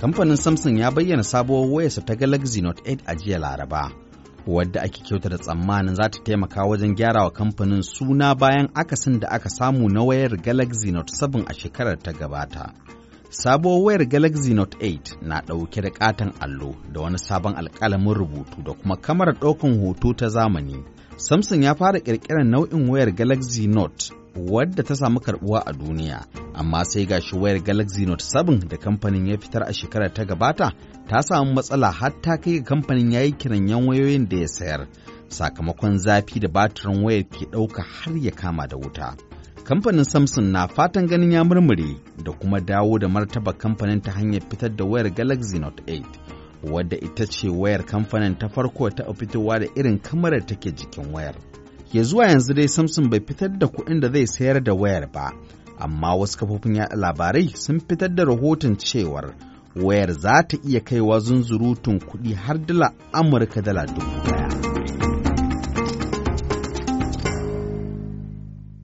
Kamfanin Samsung ya bayyana sabuwar wayarsa ta Galaxy Note 8 a jiya Laraba, wadda ake kyauta da tsammanin za ta taimaka wajen gyara wa kamfanin suna bayan akasin da aka samu na wayar Galaxy Note 7 a shekarar ta gabata. Sabuwar wayar Galaxy Note 8 na ɗauke da ƙaton allo da wani sabon alƙalamin rubutu da kuma kamarar ɗaukan hoto ta zamani. Samsung ya fara ƙirƙirar nau'in wayar Galaxy Note wadda ta samu karɓuwa a duniya. amma sai ga shi wayar Galaxy Note 7 da kamfanin ya fitar a shekarar ta gabata ta samu matsala hatta kai ga kamfanin ya yi kiranyen wayoyin da ya sayar sakamakon zafi da batirin wayar ke ɗauka har ya kama da wuta. Kamfanin Samsung na fatan ganin ya murmure da kuma dawo da martaba kamfanin ta hanyar fitar da wayar Galaxy Note 8 wadda ita ce wayar kamfanin ta farko ta fitowa da irin kamarar take jikin wayar. Ke zuwa yanzu dai Samsung bai fitar da kuɗin da zai sayar da wayar ba. amma wasu kafofin yaɗa labarai sun fitar da rahoton cewar wayar za ta iya kaiwa zunzurutun kuɗi har dala amurka dala dubu daya